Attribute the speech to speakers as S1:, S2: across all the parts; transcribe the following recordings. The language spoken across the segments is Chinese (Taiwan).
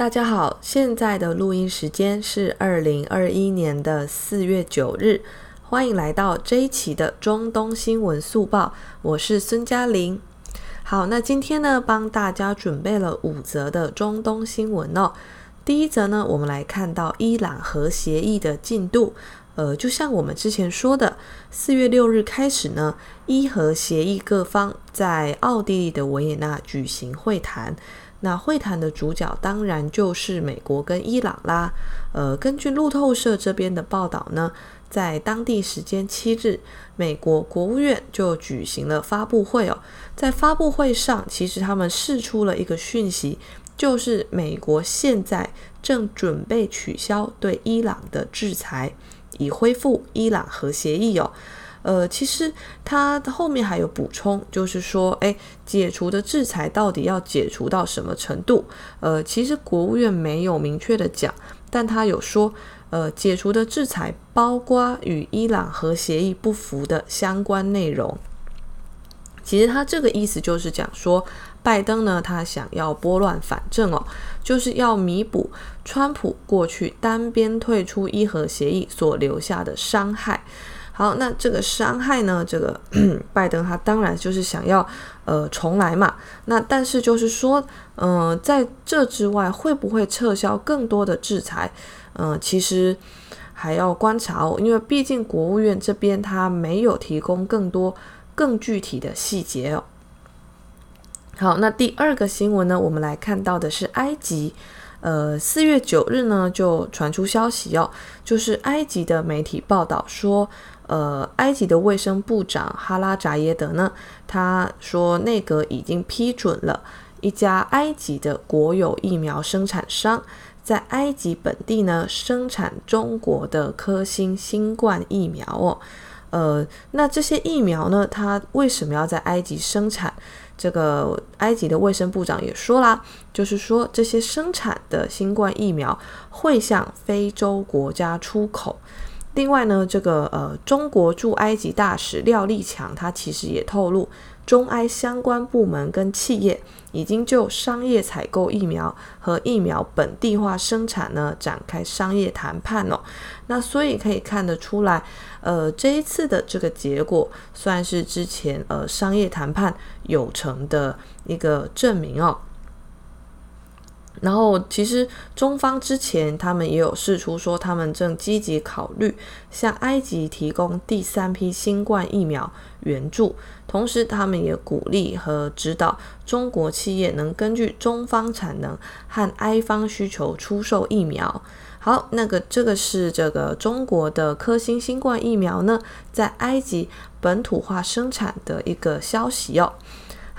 S1: 大家好，現在的錄音時間是二零二一年的四月九日，歡迎來到這一期的中東新聞速報，我是孫嘉玲。好，那今天呢，幫大家準備了五則的中東新聞哦。第一則呢，我們來看到伊朗核協議的進度。呃，就像我們之前說的，四月六日開始呢，伊核協議各方在奧地利的維也納舉行會談。那會談的主角當然就是美國跟伊朗啦。呃，根據路透社這邊的報道呢，在當地時間七日，美國國務院就舉行了發布會哦。在發布會上，其實他們釋出了一個訊息，就是美國現在正準備取消對伊朗的制裁，以恢復伊朗核協議哦。呃，其實他後面還有補充，就是說，誒，解除的制裁到底要解除到什麼程度？呃，其實國務院沒有明確的講，但他有說，呃，解除的制裁包括與伊朗核協議不符的相關內容。其實他這個意思就是講說，拜登呢，他想要撥亂反正哦，就是要彌補川普過去單邊退出伊核協議所留下的傷害。好，那這個傷害呢，這個拜登他當然就是想要呃重來嘛。那但是就是說，嗯、呃，在這之外會不會撤銷更多的制裁？嗯、呃，其實還要觀察哦，因為畢竟國務院這邊他沒有提供更多更具體的細節哦。好，那第二個新聞呢，我們來看到的是埃及。呃，四月九日呢就傳出消息哦，就是埃及的媒體報道說，呃，埃及的衛生部長哈拉扎耶德呢，他說內閣已經批准了一家埃及的國有疫苗生產商在埃及本地呢生產中國的科興新冠疫苗哦。呃，那這些疫苗呢，他為什麼要在埃及生產？這個埃及的衛生部長也說啦，就是說這些生產的新冠疫苗會向非洲國家出口。另外呢，這個呃，中國駐埃及大使廖力強他其實也透露，中埃相關部門跟企業已經就商業採購疫苗和疫苗本地化生產呢展開商業談判哦，那所以可以看得出來，呃，這一次的這個結果算是之前呃商業談判有成的一個證明哦。然後，其實中方之前他們也有釋出說，他們正積極考慮向埃及提供第三批新冠疫苗援助，同時他們也鼓勵和指導中國企業能根據中方產能和埃方需求出售疫苗。好，那個這個是這個中國的科興新冠疫苗呢，在埃及本土化生產的一個消息哦。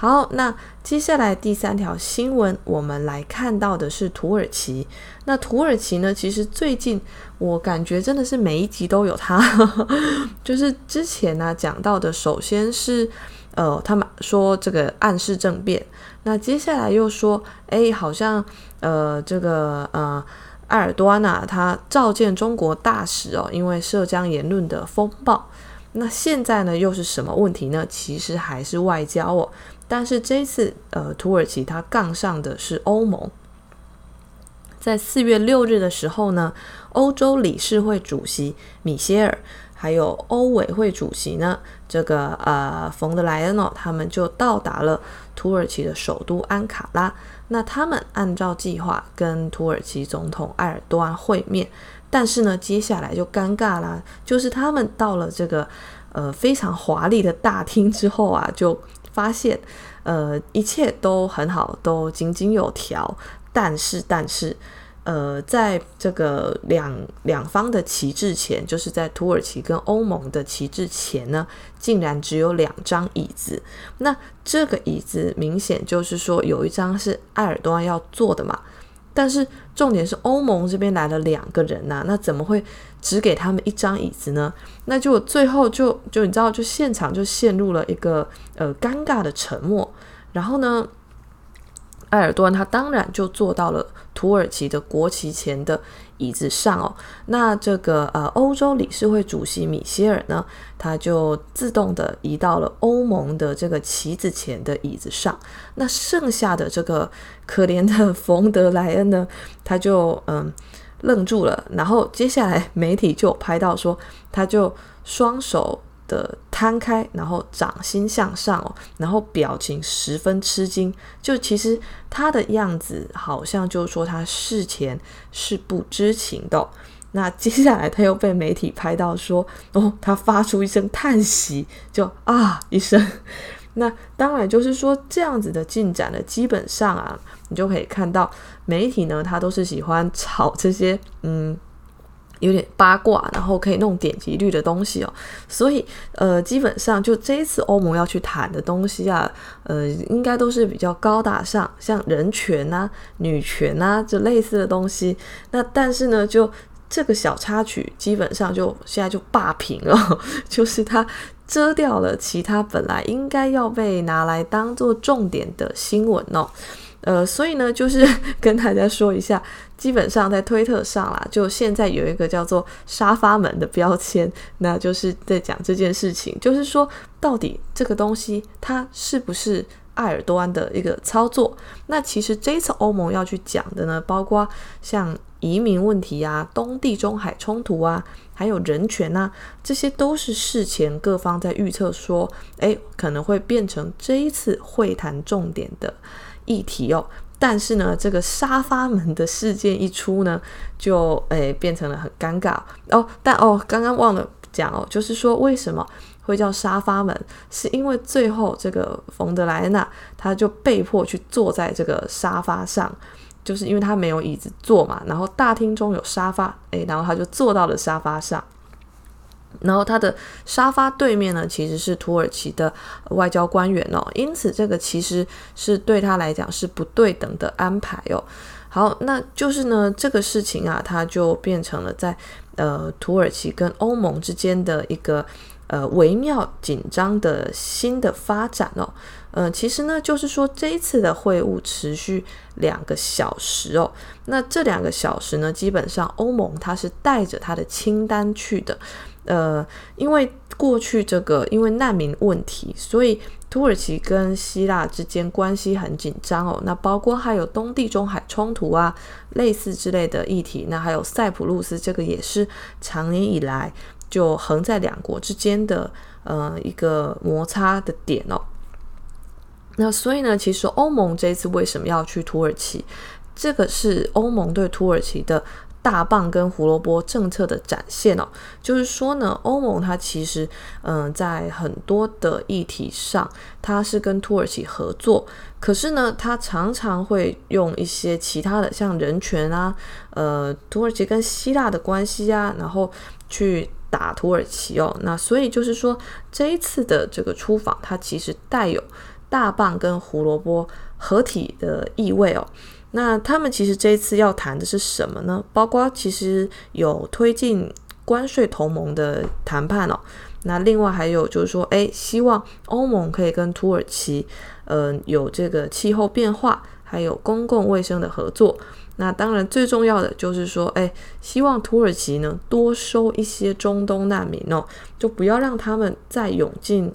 S1: 好，那接下來第三條新聞，我們來看到的是土耳其。那土耳其呢，其實最近我感覺真的是每一集都有它。 就是之前呢、啊、講到的，首先是呃，他們說這個暗示政變。那接下來又說，哎，好像呃，這個呃，埃爾多安吶，他召見中國大使哦，因為涉疆言論的風暴。那現在呢，又是什麼問題呢？其實還是外交哦。但是這次，呃，土耳其它槓上的是歐盟。在四月六日的時候呢，歐洲理事會主席米歇爾，還有歐委會主席呢，這個呃馮德萊恩哦，他們就到達了土耳其的首都安卡拉。那他們按照計劃跟土耳其總統埃爾多安會面，但是呢，接下來就尷尬啦，就是他們到了這個呃非常華麗的大廳之後啊，就。發現，呃，一切都很好，都井井有條。但是，但是，呃，在這個兩兩方的旗幟前，就是在土耳其跟歐盟的旗幟前呢，竟然只有兩張椅子。那這個椅子明顯就是說有一張是埃爾多安要坐的嘛。但是重點是歐盟這邊來了兩個人吶、啊，那怎麼會？只給他們一張椅子呢，那就最後就就你知道，就現場就陷入了一個呃尷尬的沉默。然後呢，埃爾多安他當然就坐到了土耳其的國旗前的椅子上哦。那這個呃歐洲理事會主席米歇爾呢，他就自動的移到了歐盟的這個旗子前的椅子上。那剩下的這個可憐的馮德萊恩呢，他就嗯。愣住了，然後接下來媒體就拍到說，他就雙手的攤開，然後掌心向上哦，然後表情十分吃驚。就其實他的樣子好像就是說他事前是不知情的。那接下來他又被媒體拍到說，哦，他發出一聲嘆息，就啊一聲。那當然就是說這樣子的進展的基本上啊。你就可以看到媒體呢，他都是喜歡炒這些嗯有點八卦，然後可以弄點擊率的東西哦。所以呃，基本上就這一次歐盟要去談的東西啊，呃，應該都是比較高大上，像人權啊、女權啊這類似的東西。那但是呢，就這個小插曲，基本上就現在就霸屏了，就是它遮掉了其他本來應該要被拿來當做重點的新聞哦。呃，所以呢，就是跟大家說一下，基本上在推特上啦，就現在有一個叫做“沙發門”的標籤，那就是在講這件事情，就是說到底這個東西它是不是埃爾多安的一個操作？那其實這一次歐盟要去講的呢，包括像移民問題啊、東地中海衝突啊，還有人權吶、啊，這些都是事前各方在預測說，誒，可能會變成這一次會談重點的。議題哦，但是呢，這個沙發門的事件一出呢，就誒、欸、變成了很尷尬哦。但哦，剛剛忘了講哦，就是說為什麼會叫沙發門，是因為最後這個馮德萊納他就被迫去坐在這個沙發上，就是因為他沒有椅子坐嘛。然後大廳中有沙發，哎、欸，然後他就坐到了沙發上。然後他的沙發對面呢，其實是土耳其的外交官員哦，因此這個其實是對他來講是不對等的安排哦。好，那就是呢，這個事情啊，它就變成了在呃土耳其跟歐盟之間的一個呃微妙緊張的新的發展哦。嗯、呃，其實呢，就是說這一次的會晤持續兩個小時哦，那這兩個小時呢，基本上歐盟它是帶着它的清單去的。呃，因為過去這個因為難民問題，所以土耳其跟希臘之間關係很緊張哦。那包括還有東地中海衝突啊，類似之類的議題。那還有塞浦路斯，這個也是長年以來就橫在兩國之間的呃一個摩擦的點哦。那所以呢，其實歐盟這一次為什麼要去土耳其？這個是歐盟對土耳其的。大棒跟胡蘿蔔政策的展現哦，就是說呢，歐盟它其實嗯、呃，在很多的議題上，它是跟土耳其合作，可是呢，它常常會用一些其他的像人權啊，呃，土耳其跟希臘的關係啊，然後去打土耳其哦。那所以就是說，這一次的這個出訪，它其實帶有大棒跟胡蘿蔔合體的意味哦。那他們其實這一次要談的是什麼呢？包括其實有推進關稅同盟的談判哦。那另外還有就是說，誒，希望歐盟可以跟土耳其，嗯、呃，有這個氣候變化還有公共衛生的合作。那當然最重要的就是說，誒，希望土耳其呢多收一些中東難民哦，就不要讓他們再湧進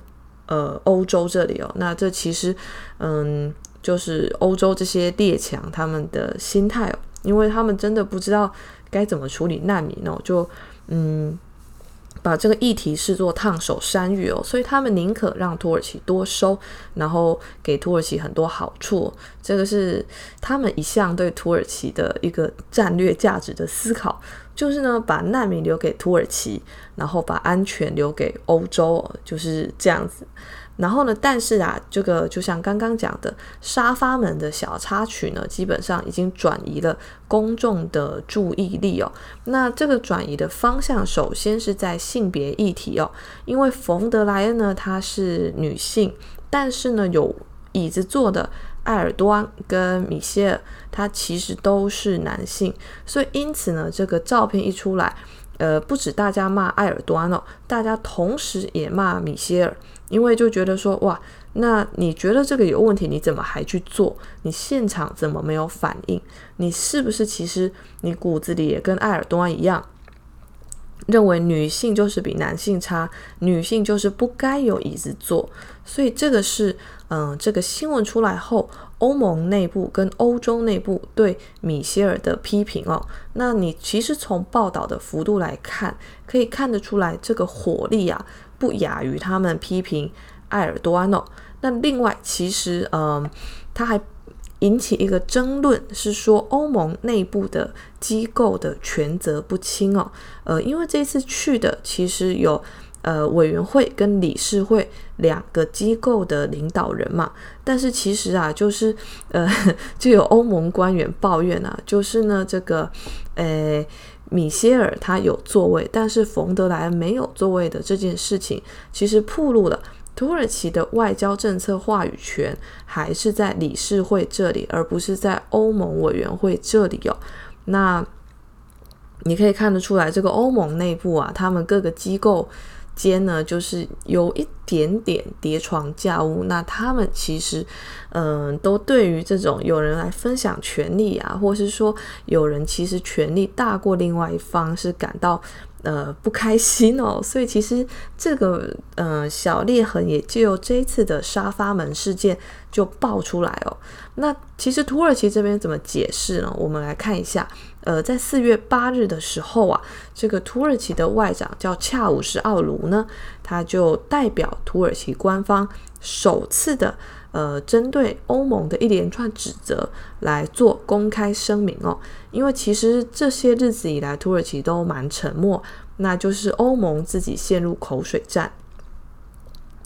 S1: 呃歐洲這裡哦。那這其實，嗯。就是歐洲這些列強他們的心態哦，因為他們真的不知道該怎麼處理難民哦，就嗯把這個議題視作燙手山芋哦，所以他們寧可讓土耳其多收，然後給土耳其很多好處哦，這個是他們一向對土耳其的一個戰略價值的思考，就是呢把難民留給土耳其，然後把安全留給歐洲哦，就是這樣子。然後呢，但是啊，這個就像剛剛講的沙發門的小插曲呢，基本上已經轉移了公眾的注意力哦。那這個轉移的方向，首先是在性別議題哦，因為馮德萊恩呢，她是女性，但是呢有椅子坐的埃爾多安跟米歇爾，他其實都是男性，所以因此呢，這個照片一出來，呃，不止大家罵埃爾多安哦，大家同時也罵米歇爾，因為就覺得說哇，那你覺得這個有問題，你怎麼還去做？你現場怎麼沒有反應？你是不是其實你骨子裡也跟埃爾多安一樣，認為女性就是比男性差，女性就是不該有椅子坐？所以這個是，嗯、呃，這個新聞出來後，歐盟內部跟歐洲內部對米歇爾的批評哦，那你其實從報道的幅度來看，可以看得出來這個火力啊，不亞於他們批評埃爾多安哦。那另外，其實嗯、呃，它還引起一個爭論，是說歐盟內部的機構的權責不清哦。呃，因為這次去的其實有。呃，委員會跟理事會兩個機構的領導人嘛，但是其實啊，就是呃，就有歐盟官員抱怨呢、啊，就是呢，這個呃，米歇爾他有座位，但是馮德萊恩沒有座位的這件事情，其實暴露了土耳其的外交政策話語權還是在理事會這裡，而不是在歐盟委員會這裡哦。那你可以看得出來，這個歐盟內部啊，他們各個機構。間呢，就是有一點點疊床架屋，那他們其實，嗯、呃，都對於這種有人來分享權力啊，或是說有人其實權力大過另外一方，是感到呃不開心哦。所以其實這個嗯、呃、小裂痕，也就這次的沙發門事件就爆出來哦。那其實土耳其這邊怎麼解釋呢？我們來看一下。呃，在四月八日的時候啊，這個土耳其的外長叫恰武什奧盧呢，他就代表土耳其官方首次的呃，針對歐盟的一連串指責來做公開聲明哦。因為其實這些日子以來，土耳其都蠻沉默，那就是歐盟自己陷入口水戰。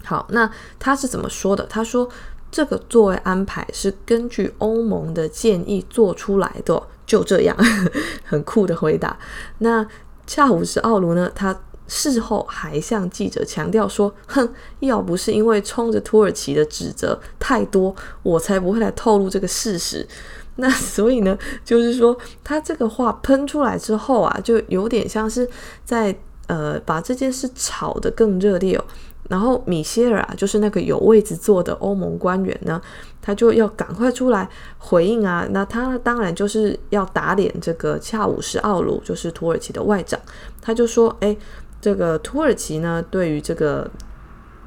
S1: 好，那他是怎麼說的？他說。這個座位安排是根據歐盟的建議做出來的，就這樣，呵呵，很酷的回答。那恰武什奧盧呢，他事後還向記者強調說：“哼，要不是因為衝着土耳其的指責太多，我才不會來透露這個事實。”那所以呢，就是說他這個話噴出來之後啊，就有點像是在呃把這件事炒得更熱烈哦。然後米歇爾啊，就是那個有位置坐的歐盟官員呢，他就要趕快出來回應啊。那他當然就是要打臉這個恰武什奧盧，就是土耳其的外長。他就說，誒，這個土耳其呢，對於這個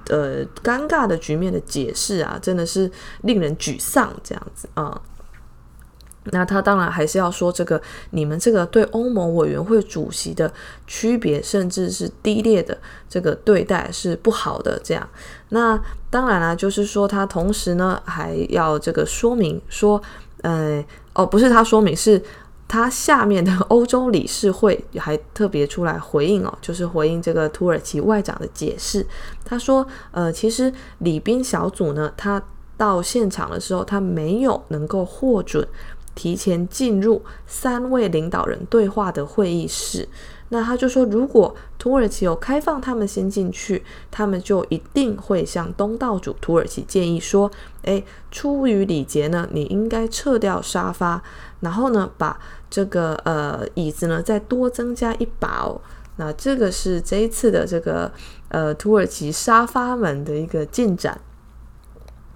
S1: 呃尷尬的局面的解釋啊，真的是令人沮喪，這樣子啊。嗯那他當然還是要說，這個你們這個對歐盟委員會主席的區別，甚至是低劣的這個對待是不好的。這樣，那當然啦，就是說他同時呢還要這個說明說，呃，哦，不是他說明，是他下面的歐洲理事會還特別出來回應哦，就是回應這個土耳其外長的解釋。他說，呃，其實禮賓小組呢，他到現場的時候，他沒有能夠獲准。提前進入三位領導人對話的會議室，那他就說，如果土耳其有開放，他們先進去，他們就一定會向東道主土耳其建議說，哎，出於禮節呢，你應該撤掉沙發，然後呢，把這個呃椅子呢再多增加一把哦。那這個是這一次的這個呃土耳其沙發門的一個進展。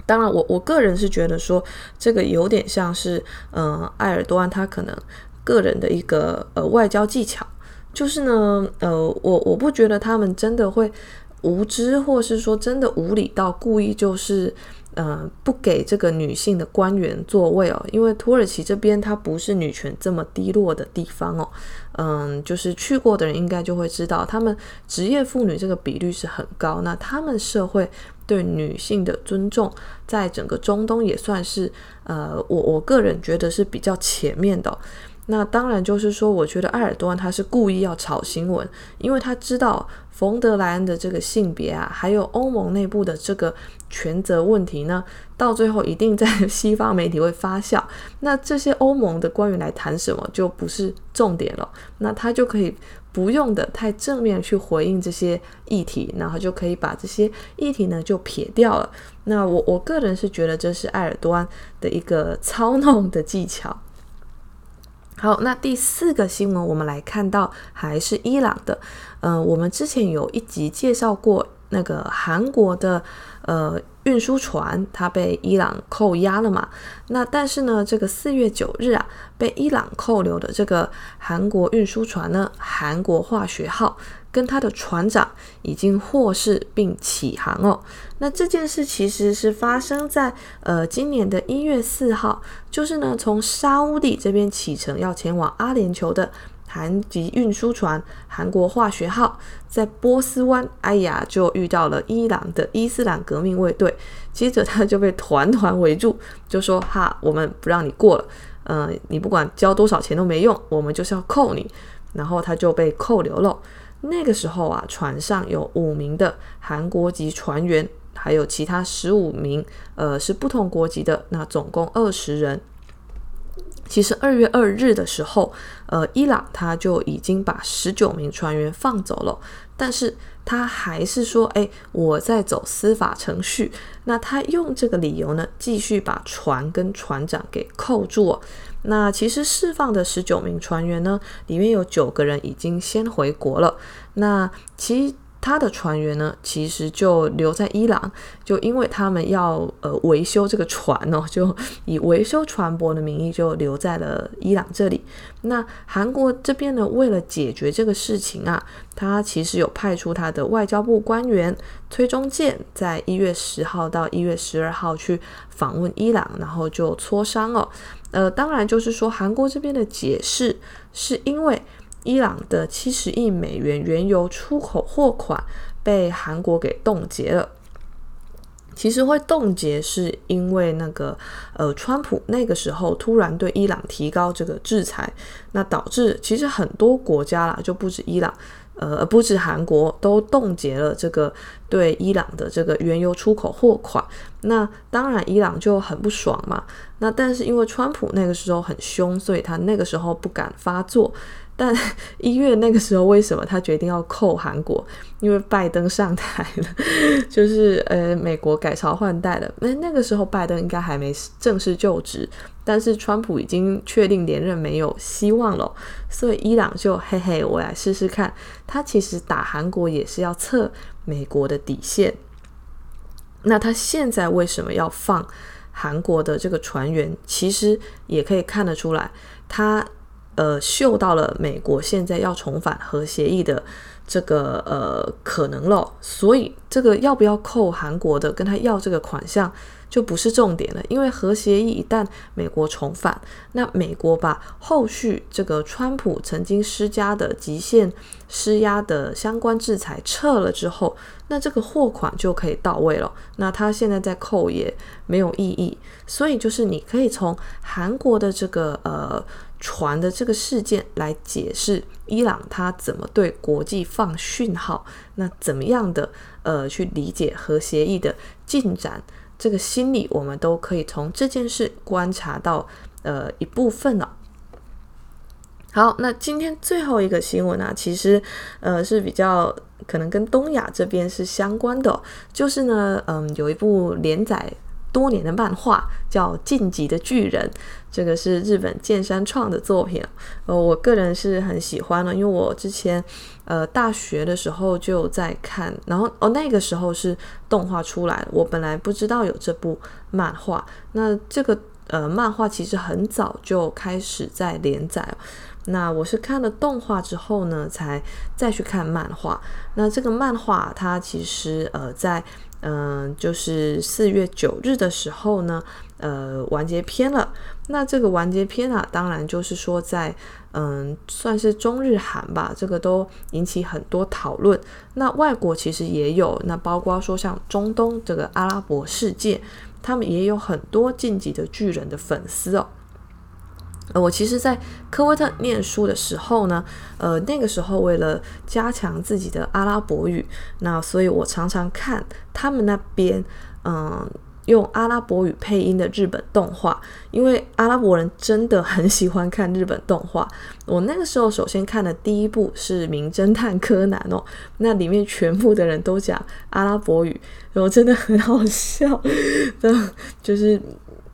S1: 當然我，我我個人是覺得說，這個有點像是，嗯、呃，埃爾多安他可能個人的一個呃外交技巧，就是呢，呃，我我不覺得他們真的會無知，或是說真的無理到故意就是，呃，不給這個女性的官員座位哦，因為土耳其這邊它不是女權這麼低落的地方哦。嗯，就是去過的人應該就會知道，他們職業婦女這個比率是很高。那他們社會對女性的尊重，在整個中東也算是，呃，我我個人覺得是比較前面的哦。那當然就是說，我覺得埃爾多安他是故意要炒新聞，因為他知道馮德萊恩的這個性別啊，還有歐盟內部的這個權責問題呢，到最後一定在西方媒體會發酵。那這些歐盟的官員來談什麼，就不是重點了。那他就可以不用的太正面去回應這些議題，然後就可以把這些議題呢就撇掉了。那我我個人是覺得這是埃爾多安的一個操弄的技巧。好，那第四個新聞我們來看到還是伊朗的，呃，我們之前有一集介紹過那個韓國的呃運輸船，它被伊朗扣押了嘛。那但是呢，這個四月九日啊，被伊朗扣留的這個韓國運輸船呢，韓國化學號，跟他的船長已經獲釋並起航哦。那這件事其實是發生在呃今年的一月四號，就是呢從沙烏地這邊啟程要前往阿聯酋的韓籍運輸船韓國化學號，在波斯灣，哎呀就遇到了伊朗的伊斯蘭革命衛隊，接着他就被團團圍住，就說哈，我們不讓你過了，呃，你不管交多少錢都沒用，我們就是要扣你，然後他就被扣留了。那個時候啊，船上有五名的韓國籍船員，還有其他十五名，呃，是不同國籍的，那總共二十人。其實二月二日的時候，呃，伊朗他就已經把十九名船員放走了，但是他還是說，哎，我在走司法程序。那他用這個理由呢，繼續把船跟船長給扣住啊。那其實釋放的十九名船員呢，裡面有九個人已經先回國了。那其他的船員呢，其實就留在伊朗，就因為他們要呃維修這個船哦，就以維修船舶的名義就留在了伊朗這裡。那韓國這邊呢，為了解決這個事情啊，他其實有派出他的外交部官員崔中建，在一月十號到一月十二號去訪問伊朗，然後就磋商哦。呃，當然就是說，韓國這邊的解釋是因為伊朗的七十億美元原油出口貨款被韓國給凍結了。其實會凍結，是因為那個呃，川普那個時候突然對伊朗提高這個制裁，那導致其實很多國家啦，就不止伊朗。呃，不止韓國都凍結了這個對伊朗的這個原油出口貨款。那當然伊朗就很不爽嘛。那但是因為川普那個時候很凶，所以他那個時候不敢發作。但一月那個時候，為什麼他決定要扣韓國？因為拜登上台了，就是呃，美國改朝換代了。那、呃、那個時候，拜登應該還沒正式就職，但是川普已經確定連任沒有希望了，所以伊朗就嘿嘿，我來試試看。他其實打韓國也是要測美國的底線。那他現在為什麼要放韓國的這個船員？其實也可以看得出來，他。呃，嗅到了美國現在要重返核協議的這個呃可能了，所以這個要不要扣韓國的跟他要這個款項就不是重點了。因為核協議一旦美國重返，那美國把後續這個川普曾經施加的極限施壓的相關制裁撤了之後，那這個貨款就可以到位了。那他現在在扣也沒有意義。所以就是你可以從韓國的這個呃。船的這個事件來解釋伊朗它怎麼對國際放訊號，那怎麼樣的呃去理解核協議的進展這個心理，我們都可以從這件事觀察到呃一部分了、哦。好，那今天最後一個新聞呢、啊，其實呃是比較可能跟東亞這邊是相關的、哦，就是呢，嗯、呃，有一部連載。多年的漫畫叫《進擊的巨人》，這個是日本諫山創的作品。呃，我個人是很喜歡的，因為我之前呃大學的時候就在看，然後哦那個時候是動畫出來，我本來不知道有這部漫畫。那這個呃漫畫其實很早就開始在連載，那我是看了動畫之後呢，才再去看漫畫。那這個漫畫它其實呃在。嗯、呃，就是四月九日的時候呢，呃，完結篇了。那這個完結篇啊，當然就是說在嗯、呃，算是中日韓吧，這個都引起很多討論。那外國其實也有，那包括說像中東這個阿拉伯世界，他們也有很多《進擊的巨人》的粉絲哦。我其實，在科威特念書的時候呢，呃，那個時候為了加強自己的阿拉伯語，那所以我常常看他們那邊，嗯，用阿拉伯語配音的日本動畫，因為阿拉伯人真的很喜歡看日本動畫。我那個時候首先看的第一部是《名偵探柯南》哦，那裡面全部的人都講阿拉伯語，然後真的很好笑， 就是。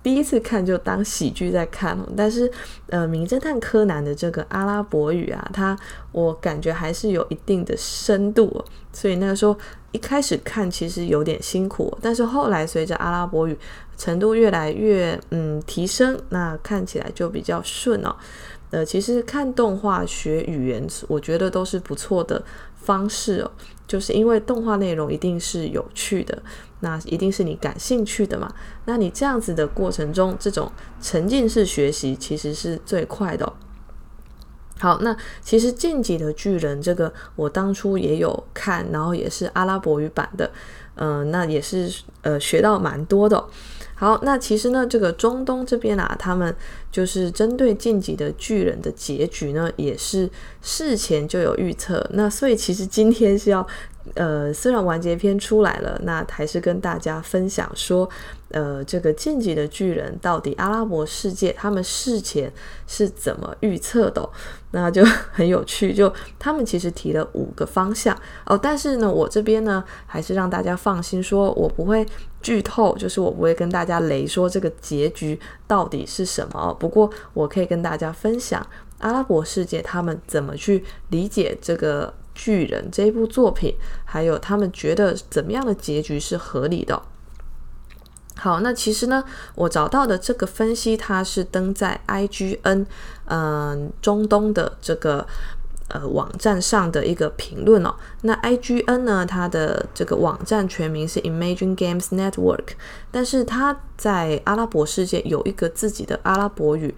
S1: 第一次看就當喜劇在看，但是呃，名偵探柯南的這個阿拉伯語啊，它，我感覺還是有一定的深度，所以那個時候一開始看其實有點辛苦，但是後來隨着阿拉伯語程度越來越嗯提升，那看起來就比較順哦。呃，其實看動畫學語言，我覺得都是不錯的方式哦，就是因為動畫內容一定是有趣的。那一定是你感興趣的嘛。那你這樣子的過程中，這種沉浸式學習其實是最快的、哦。好，那其實《進擊的巨人》這個我當初也有看，然後也是阿拉伯語版的，嗯、呃，那也是呃學到蠻多的、哦。好，那其實呢，這個中東這邊啊，他們就是針對《進擊的巨人》的結局呢，也是事前就有預測。那所以其實今天是要。呃，雖然完結篇出來了，那還是跟大家分享說，呃，這個《進擊的巨人》到底阿拉伯世界他們事前是怎麼預測的哦？那就很有趣，就他們其實提了五個方向哦。但是呢，我這邊呢還是讓大家放心說，說我不會劇透，就是我不會跟大家雷說這個結局到底是什麼。不過我可以跟大家分享，阿拉伯世界他們怎麼去理解這個。巨人這一部作品，還有他們覺得怎麼樣的結局是合理的，哦？好，那其實呢，我找到的這個分析，它是登在 IGN 嗯、呃、中東的這個呃網站上的一個評論哦。那 IGN 呢，它的這個網站全名是 Imagine Games Network，但是它在阿拉伯世界有一個自己的阿拉伯語。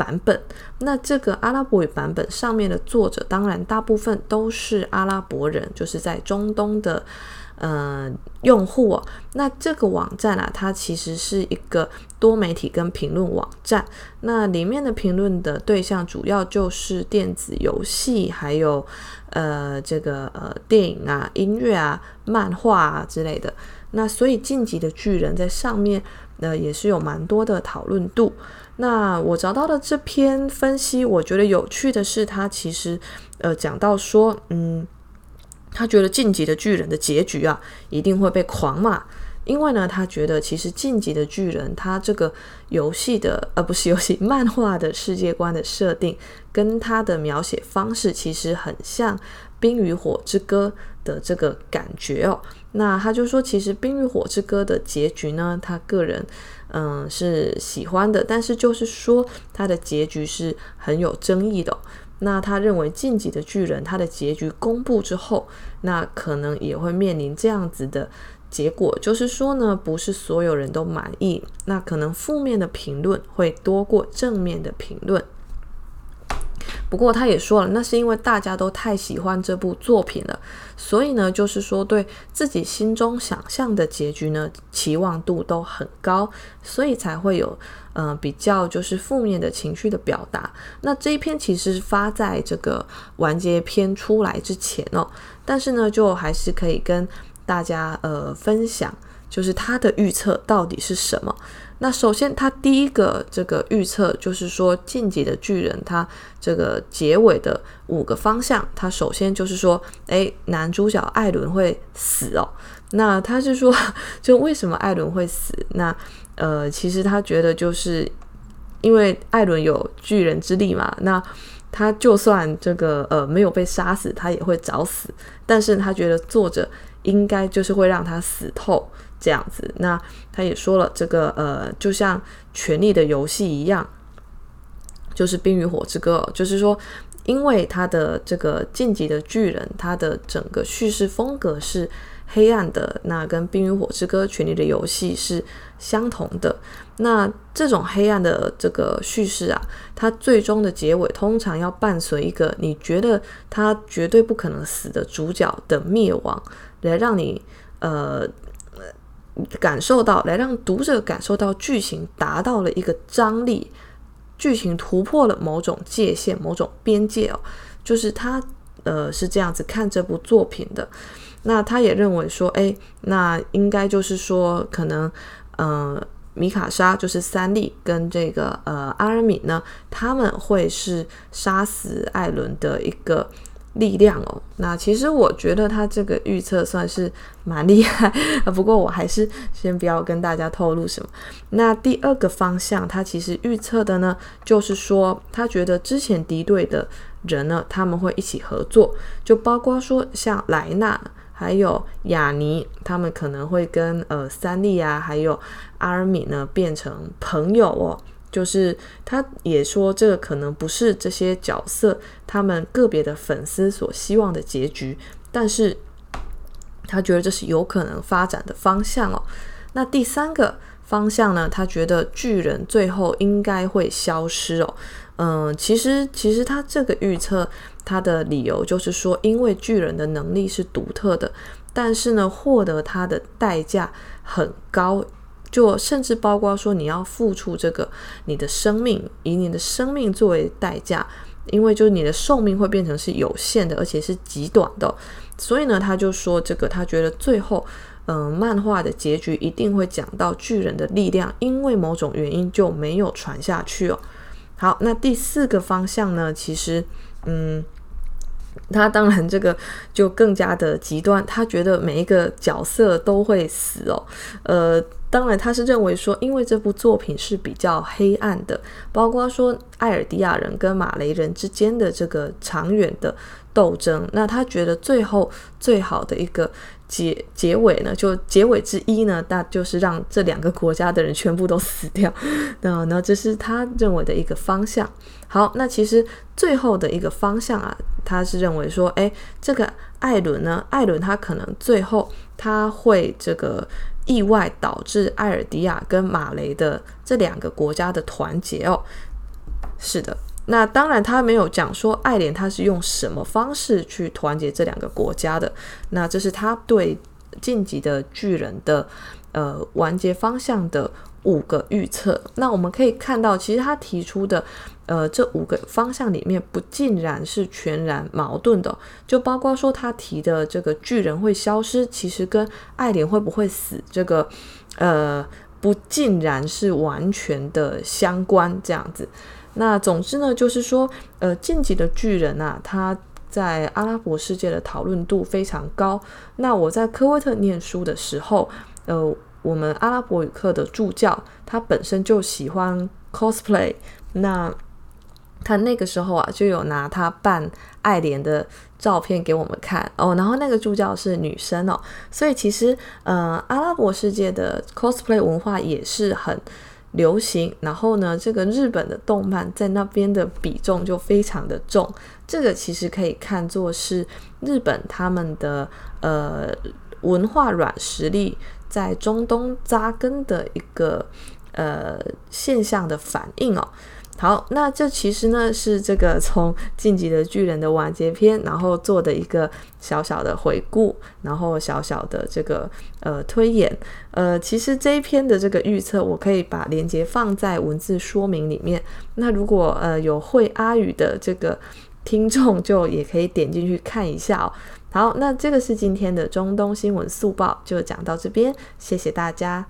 S1: 版本，那這個阿拉伯語版本上面的作者，當然大部分都是阿拉伯人，就是在中東的呃用戶哦。那這個網站啊，它其實是一個多媒體跟評論網站。那裡面的評論的對象主要就是電子遊戲，還有呃這個呃電影啊、音樂啊、漫畫啊之類的。那所以《進擊的巨人》在上面，呃，也是有蠻多的討論度。那我找到的這篇分析，我覺得有趣的是，他其實呃講到說，嗯，他覺得《進擊的巨人》的結局啊，一定會被狂罵，因為呢，他覺得其實《進擊的巨人》他這個遊戲的，呃，不是遊戲，漫畫的世界觀的設定。跟他的描寫方式其實很像《冰與火之歌》的這個感覺哦。那他就說，其實《冰與火之歌》的結局呢，他個人嗯是喜歡的，但是就是說他的結局是很有爭議的哦。那他認為《進擊的巨人》，他的結局公布之後，那可能也會面臨這樣子的結果，就是說呢，不是所有人都滿意，那可能負面的評論會多過正面的評論。不過他也說了，那是因為大家都太喜歡這部作品了，所以呢，就是說對自己心中想象的結局呢，期望度都很高，所以才會有嗯、呃、比較就是負面的情緒的表達。那這一篇其實發在這個完結篇出來之前哦，但是呢，就還是可以跟大家呃分享，就是他的預測到底是什麼。那首先，他第一個這個預測就是說，《進擊的巨人》他這個結尾的五個方向，他首先就是說，誒，男主角艾倫會死哦。那他是說，就為什麼艾倫會死？那呃，其實他覺得就是因為艾倫有巨人之力嘛。那他就算這個呃沒有被殺死，他也會早死。但是他覺得作者應該就是會讓他死透。這樣子，那他也說了，這個呃，就像《權力的遊戲》一樣，就是《冰與火之歌》，就是說，因為他的這個進擊的巨人，他的整個敘事風格是黑暗的，那跟《冰與火之歌》《權力的遊戲》是相同的。那這種黑暗的這個敘事啊，它最終的結尾通常要伴隨一個你覺得他絕對不可能死的主角的滅亡，來讓你呃。感受到，來讓讀者感受到劇情達到了一個張力，劇情突破了某種界限，某種邊界哦。就是他呃是這樣子看這部作品的，那他也認為說，誒，那應該就是說，可能呃，米卡莎就是三笠跟這個呃阿爾敏呢，他們會是殺死艾倫的一個。力量哦，那其實我覺得他這個預測算是蠻厲害，不過我還是先不要跟大家透露什麼。那第二個方向，他其實預測的呢，就是說他覺得之前敵對的人呢，他們會一起合作，就包括說像萊納還有亞妮，他們可能會跟呃三笠啊還有阿爾敏呢變成朋友哦。就是，他也說，這個可能不是這些角色他們個別的粉絲所希望的結局，但是他覺得這是有可能發展的方向哦。那第三個方向呢，他覺得巨人最後應該會消失哦。嗯，其實其實他這個預測，他的理由就是說，因為巨人的能力是獨特的，但是呢，獲得他的代價很高。就甚至包括說你要付出這個你的生命，以你的生命作為代價，因為就是你的壽命會變成是有限的，而且是極短的哦。所以呢，他就說這個他覺得最後，嗯，呃，漫畫的結局一定會講到巨人的力量，因為某種原因就沒有傳下去哦。好，那第四個方向呢，其實嗯。他當然這個就更加的極端，他覺得每一個角色都會死哦。呃，當然他是認為說，因為這部作品是比較黑暗的，包括說艾爾迪亞人跟馬雷人之間的這個長遠的。鬥爭，那他覺得最後最好的一個結結尾呢，就結尾之一呢，那就是讓這兩個國家的人全部都死掉。那那這是他認為的一個方向。好，那其實最後的一個方向啊，他是認為說，哎，這個艾倫呢，艾倫他可能最後他會這個意外導致艾爾迪亞跟馬雷的這兩個國家的團結哦。是的。那當然，他沒有講說艾連他是用什麼方式去團結這兩個國家的。那這是他對進擊的巨人的呃完結方向的五個預測。那我們可以看到，其實他提出的呃這五個方向裡面，不盡然是全然矛盾的。就包括說他提的這個巨人會消失，其實跟艾連會不會死這個呃不盡然是完全的相關這樣子。那總之呢，就是說，呃，進擊的巨人啊，他在阿拉伯世界的討論度非常高。那我在科威特念書的時候，呃，我們阿拉伯語課的助教，他本身就喜歡 cosplay。那他那個時候啊，就有拿他扮艾連的照片給我們看哦。然後那個助教是女生哦，所以其實，呃，阿拉伯世界的 cosplay 文化也是很流行，然後呢，這個日本的動漫在那邊的比重就非常的重，這個其實可以看作是日本他們的呃文化軟實力在中東紮根的一個呃現象的反應哦。好，那這其實呢是這個從《進擊的巨人》的完結篇，然後做的一個小小的回顧，然後小小的這個呃推演。呃，其實這一篇的這個預測，我可以把鏈接放在文字說明裡面。那如果呃有會阿語的這個聽眾，就也可以點進去看一下哦。好，那這個是今天的中東新聞速報，就講到這邊，謝謝大家。